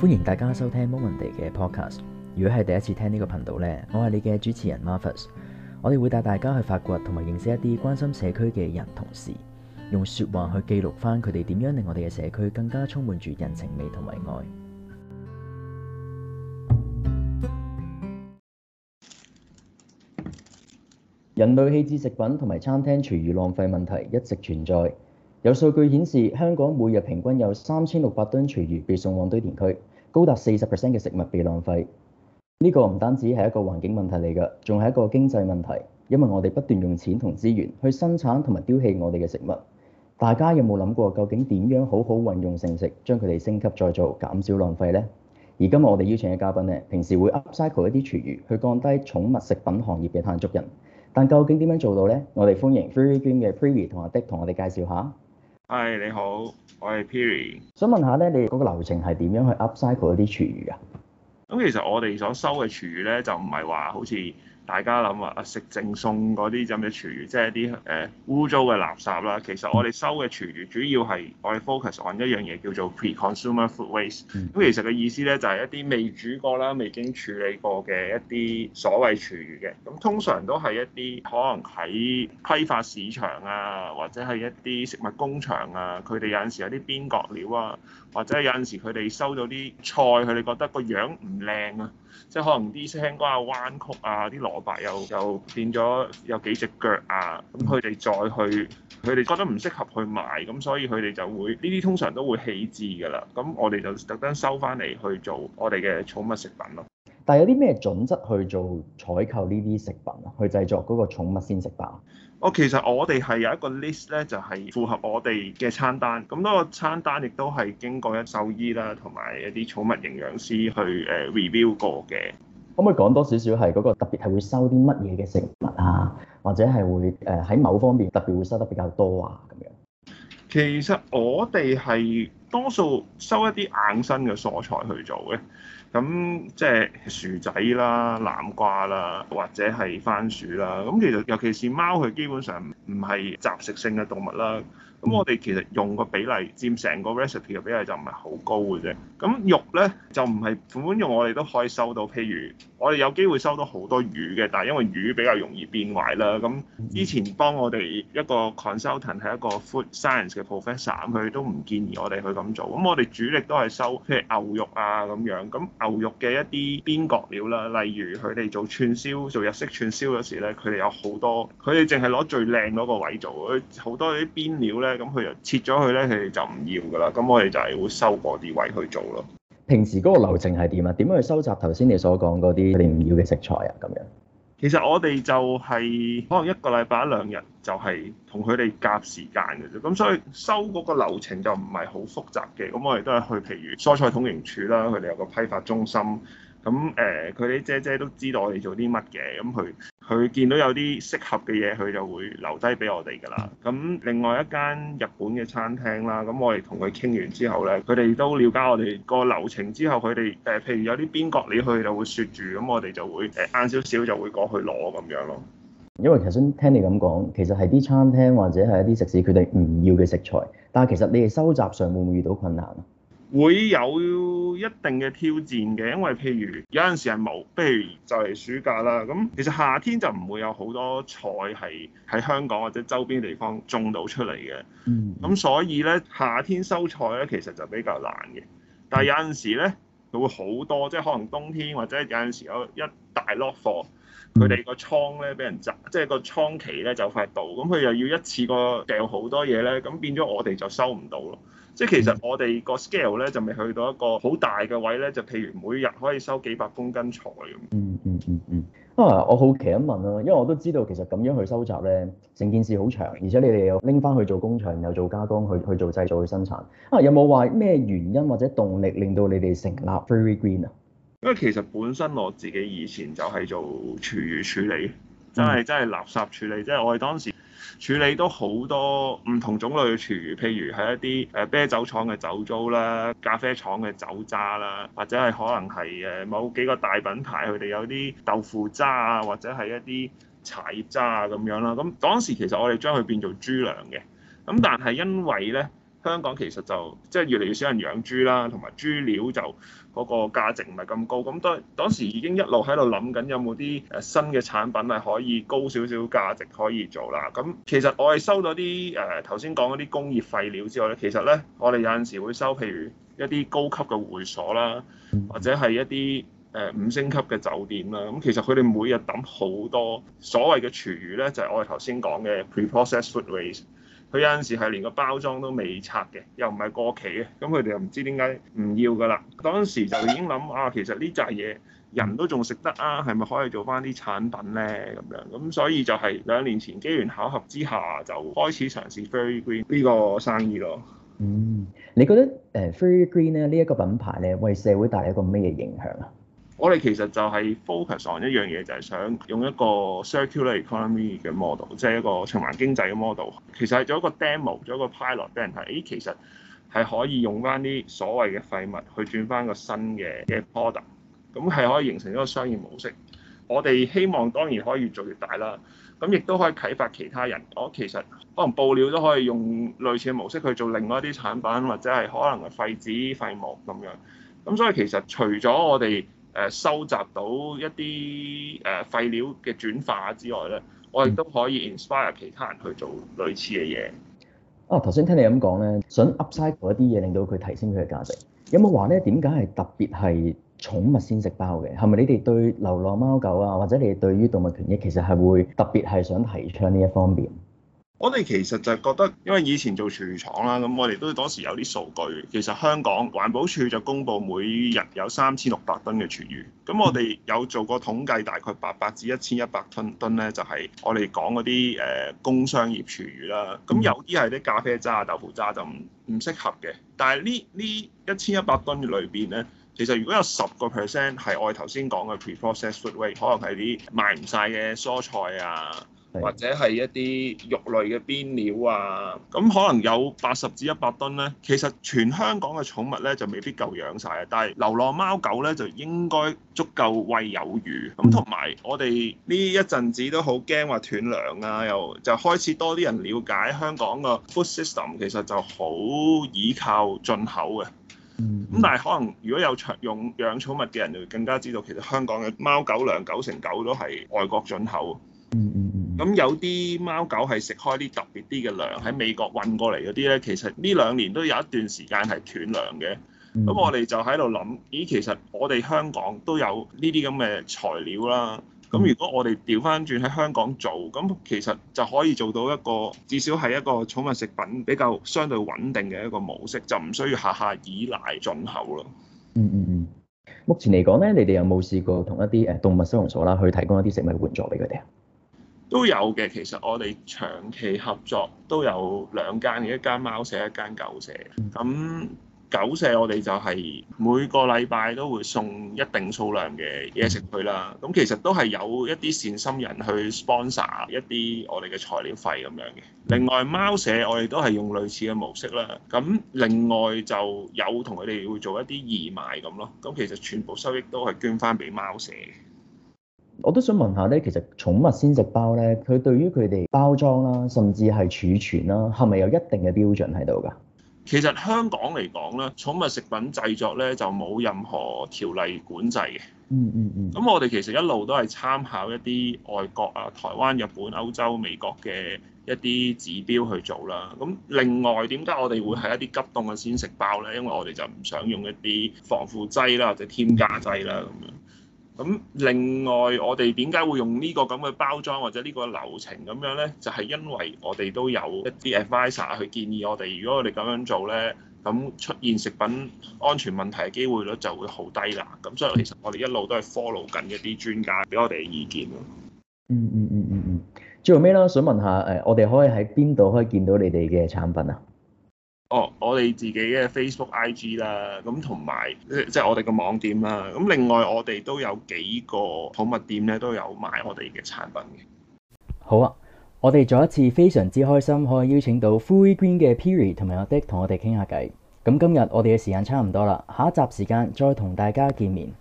歡迎大家收聽 Momenday 嘅 podcast。如果係第一次聽呢個頻道呢，我係你嘅主持人 Marvis。我哋會帶大家去發掘同埋認識一啲關心社區嘅人同，同時用說話去記錄翻佢哋點樣令我哋嘅社區更加充滿住人情味同埋愛。人類棄置食品同埋餐廳廚餘浪費問題一直存在。有數據顯示，香港每日平均有三千六百噸廚餘被送往堆填區。高達四十 percent 嘅食物被浪費，呢個唔單止係一個環境問題嚟嘅，仲係一個經濟問題。因為我哋不斷用錢同資源去生產同埋丟棄我哋嘅食物。大家有冇諗過究竟點樣好好運用剩食，將佢哋升級再造，減少浪費呢？而今日我哋邀請嘅嘉賓咧，平時會 upcycle 一啲廚餘，去降低寵物食品行業嘅碳足印。但究竟點樣做到呢？我哋歡迎 Furry Green 嘅 Pirry 同阿 Dick 同我哋介紹下。Hi，你好，我係 Pirry。想問下咧，你嗰個流程係點樣去 upcycle 嗰啲廚餘啊？咁其實我哋所收嘅廚餘咧，就唔係話好似。大家諗啊，食剩餸嗰啲咁嘅廚餘，即係一啲誒污糟嘅垃圾啦。其實我哋收嘅廚餘主要係我哋 focus on 一樣嘢叫做 pre-consumer food waste、嗯。咁其實嘅意思咧就係、是、一啲未煮過啦、未經處理過嘅一啲所謂廚餘嘅。咁通常都係一啲可能喺批發市場啊，或者係一啲食物工場啊，佢哋有陣時有啲邊角料啊，或者有陣時佢哋收到啲菜，佢哋覺得個樣唔靚啊，即係可能啲青瓜啊、彎曲啊，啲螺。又又變咗有幾隻腳啊！咁佢哋再去，佢哋覺得唔適合去賣，咁所以佢哋就會呢啲通常都會棄置㗎啦。咁我哋就特登收翻嚟去做我哋嘅寵物食品咯。但係有啲咩準則去做採購呢啲食品啊？去製作嗰個寵物鮮食包哦，其實我哋係有一個 list 咧，就係符合我哋嘅餐單。咁嗰個餐單亦都係經過一獸醫啦，同埋一啲寵物營養師去誒 review 過嘅。可唔可以講多少少？係嗰個特別係會收啲乜嘢嘅食物啊？或者係會誒喺某方面特別會收得比較多啊？咁樣，其實我哋係。多數收一啲硬身嘅蔬菜去做嘅，咁即係薯仔啦、南瓜啦，或者係番薯啦。咁其實尤其是貓，佢基本上唔係雜食性嘅動物啦。咁我哋其實用個比例，佔成個 recipe 嘅比例就唔係好高嘅啫。咁肉呢，就唔係款款用，我哋都可以收到。譬如我哋有機會收到好多魚嘅，但係因為魚比較容易變壞啦。咁之前幫我哋一個 consultant 係一個 food science 嘅 professor，佢都唔建議我哋去。咁做，咁我哋主力都係收譬如牛肉啊咁樣，咁牛肉嘅一啲邊角料啦，例如佢哋做串燒，做日式串燒嗰時咧，佢哋有好多，佢哋淨係攞最靚嗰個位做，好多啲邊料咧，咁佢又切咗佢咧，佢哋就唔要噶啦，咁我哋就係會收嗰啲位去做咯。平時嗰個流程係點啊？點樣去收集頭先你所講嗰啲你唔要嘅食材啊？咁樣。其實我哋就係可能一個禮拜一兩日就係同佢哋夾時間嘅啫，咁所以收嗰個流程就唔係好複雜嘅。咁我哋都係去，譬如蔬菜統營處啦，佢哋有個批發中心，咁誒佢啲姐姐都知道我哋做啲乜嘅，咁佢，佢見到有啲適合嘅嘢，佢就會留低俾我哋㗎啦。咁另外一間日本嘅餐廳啦，咁我哋同佢傾完之後咧，佢哋都了解我哋個流程之後，佢哋誒譬如有啲邊角你去就會雪住，咁我哋就會誒晏少少就會過去攞咁樣咯。因為頭先聽你咁講，其實係啲餐廳或者係一啲食肆佢哋唔要嘅食材，但係其實你哋收集上會唔會遇到困難啊？會有一定嘅挑戰嘅，因為譬如有陣時係冇，譬如就係暑假啦。咁其實夏天就唔會有好多菜係喺香港或者周邊地方種到出嚟嘅。咁所以呢夏天收菜呢其實就比較難嘅。但係有陣時呢，會好多，即係可能冬天或者有陣時有一大 lot 貨，佢哋個倉呢俾人摘，即係個倉期呢就快，快到，咁佢又要一次過掉好多嘢呢，咁變咗我哋就收唔到咯。即係其實我哋個 scale 咧就未去到一個好大嘅位咧，就譬如每日可以收幾百公斤材咁、嗯。嗯嗯嗯嗯。啊，我好奇咁問啦、啊，因為我都知道其實咁樣去收集咧，成件事好長，而且你哋又拎翻去做工場，又做加工，去去做製造去生產。啊，有冇話咩原因或者動力令到你哋成立 Furry Green 啊？因為其實本身我自己以前就係做廚餘處理，真係即係垃圾處理，即係、嗯、我哋當時。處理都好多唔同種類嘅廚餘，譬如係一啲誒啤酒廠嘅酒糟啦、咖啡廠嘅酒渣啦，或者係可能係誒某幾個大品牌佢哋有啲豆腐渣啊，或者係一啲茶葉渣啊咁樣啦。咁當時其實我哋將佢變做豬糧嘅，咁但係因為呢。香港其實就即係、就是、越嚟越少人養豬啦，同埋豬料就嗰個價值唔係咁高。咁當當時已經一路喺度諗緊有冇啲誒新嘅產品係可以高少少價值可以做啦。咁其實我哋收咗啲誒頭先講嗰啲工業廢料之外咧，其實咧我哋有陣時會收譬如一啲高級嘅會所啦，或者係一啲誒五星級嘅酒店啦。咁其實佢哋每日抌好多所謂嘅廚餘咧，就係、是、我哋頭先講嘅 preprocess food waste。佢有陣時係連個包裝都未拆嘅，又唔係過期嘅，咁佢哋又唔知點解唔要噶啦。當時就已經諗啊，其實呢扎嘢人都仲食得啊，係咪可以做翻啲產品咧？咁樣咁所以就係兩年前機緣巧合之下，就開始嘗試 Furry Green 呢個生意咯。嗯，你覺得誒 Furry Green 咧呢一個品牌咧，為社會帶嚟一個咩嘅影響啊？我哋其實就係 focus on 一樣嘢，就係想用一個 circular economy 嘅 model，即係一個循環經濟嘅 model。其實係做一個 demo，做一個 pilot 俾人睇。誒，其實係可以用翻啲所謂嘅廢物去轉翻個新嘅嘅 product，咁係可以形成一個商業模式。我哋希望當然可以越做越大啦。咁亦都可以啟發其他人。我其實可能布料都可以用類似嘅模式去做另外一啲產品，或者係可能係廢紙廢膜咁樣。咁所以其實除咗我哋誒，收集到一啲誒廢料嘅轉化之外咧，我亦都可以 inspire 其他人去做類似嘅嘢。啊，頭先聽你咁講咧，想 upcycle 一啲嘢，令到佢提升佢嘅價值。有冇話咧？點解係特別係寵物鮮食包嘅？係咪你哋對流浪貓狗啊，或者你哋對於動物權益其實係會特別係想提倡呢一方面？我哋其實就覺得，因為以前做廚餘廠啦，咁我哋都當時有啲數據。其實香港環保署就公布每日有三千六百噸嘅廚餘。咁我哋有做過統計，大概八百至一千一百噸噸呢，就係、是、我哋講嗰啲誒工商業廚餘啦。咁有啲係啲咖啡渣、豆腐渣就唔唔適合嘅。但係呢呢一千一百噸裏邊呢，其實如果有十個 percent 係我哋頭先講嘅 preprocess food waste，可能係啲賣唔晒嘅蔬菜啊。或者係一啲肉類嘅邊料啊，咁可能有八十至一百噸呢。其實全香港嘅寵物呢，就未必夠養晒。啊，但係流浪貓狗呢，就應該足夠餵有餘。咁同埋我哋呢一陣子都好驚話斷糧啊，又就開始多啲人了解香港嘅 food system 其實就好倚靠進口嘅。咁但係可能如果有用養寵物嘅人，就更加知道其實香港嘅貓狗糧九成九都係外國進口。嗯嗯嗯，咁有啲貓狗係食開啲特別啲嘅糧，喺美國運過嚟嗰啲咧，其實呢兩年都有一段時間係斷糧嘅。咁、嗯、我哋就喺度諗，咦，其實我哋香港都有呢啲咁嘅材料啦。咁如果我哋調翻轉喺香港做，咁其實就可以做到一個至少係一個寵物食品比較相對穩定嘅一個模式，就唔需要下下依賴進口咯。嗯嗯嗯，目前嚟講咧，你哋有冇試過同一啲誒動物收容所啦，去提供一啲食物援助俾佢哋啊？都有嘅，其實我哋長期合作都有兩間嘅，一間貓舍，一間狗舍。咁狗舍我哋就係每個禮拜都會送一定數量嘅嘢食去啦。咁其實都係有一啲善心人去 sponsor 一啲我哋嘅材料費咁樣嘅。另外貓舍我哋都係用類似嘅模式啦。咁另外就有同佢哋會做一啲義賣咁咯。咁其實全部收益都係捐翻俾貓舍。我都想問下咧，其實寵物鮮食包咧，佢對於佢哋包裝啦，甚至係儲存啦，係咪有一定嘅標準喺度噶？其實香港嚟講咧，寵物食品製作咧就冇任何條例管制嘅。嗯嗯嗯。咁我哋其實一路都係參考一啲外國啊、台灣、日本、歐洲、美國嘅一啲指標去做啦。咁另外，點解我哋會係一啲急凍嘅鮮食包咧？因為我哋就唔想用一啲防腐劑啦，或者添加劑啦咁樣。咁另外，我哋點解會用呢個咁嘅包裝或者呢個流程咁樣呢？就係因為我哋都有一啲 adviser 去建議我哋，如果我哋咁樣做呢，咁出現食品安全問題嘅機會率就會好低啦。咁所以其實我哋一路都係 follow 緊一啲專家俾我哋嘅意見。嗯嗯嗯嗯嗯。最後尾啦，想問下誒，我哋可以喺邊度可以見到你哋嘅產品啊？哦，oh, 我哋自己嘅 Facebook IG 啦，咁同埋即係我哋嘅網店啦。咁另外我哋都有幾個寵物店咧，都有賣我哋嘅產品嘅。好啊，我哋再一次非常之開心可以邀請到 Furry Green 嘅 Pirry 同埋阿 Dick 同我哋傾下偈。咁今日我哋嘅時間差唔多啦，下一集時間再同大家見面。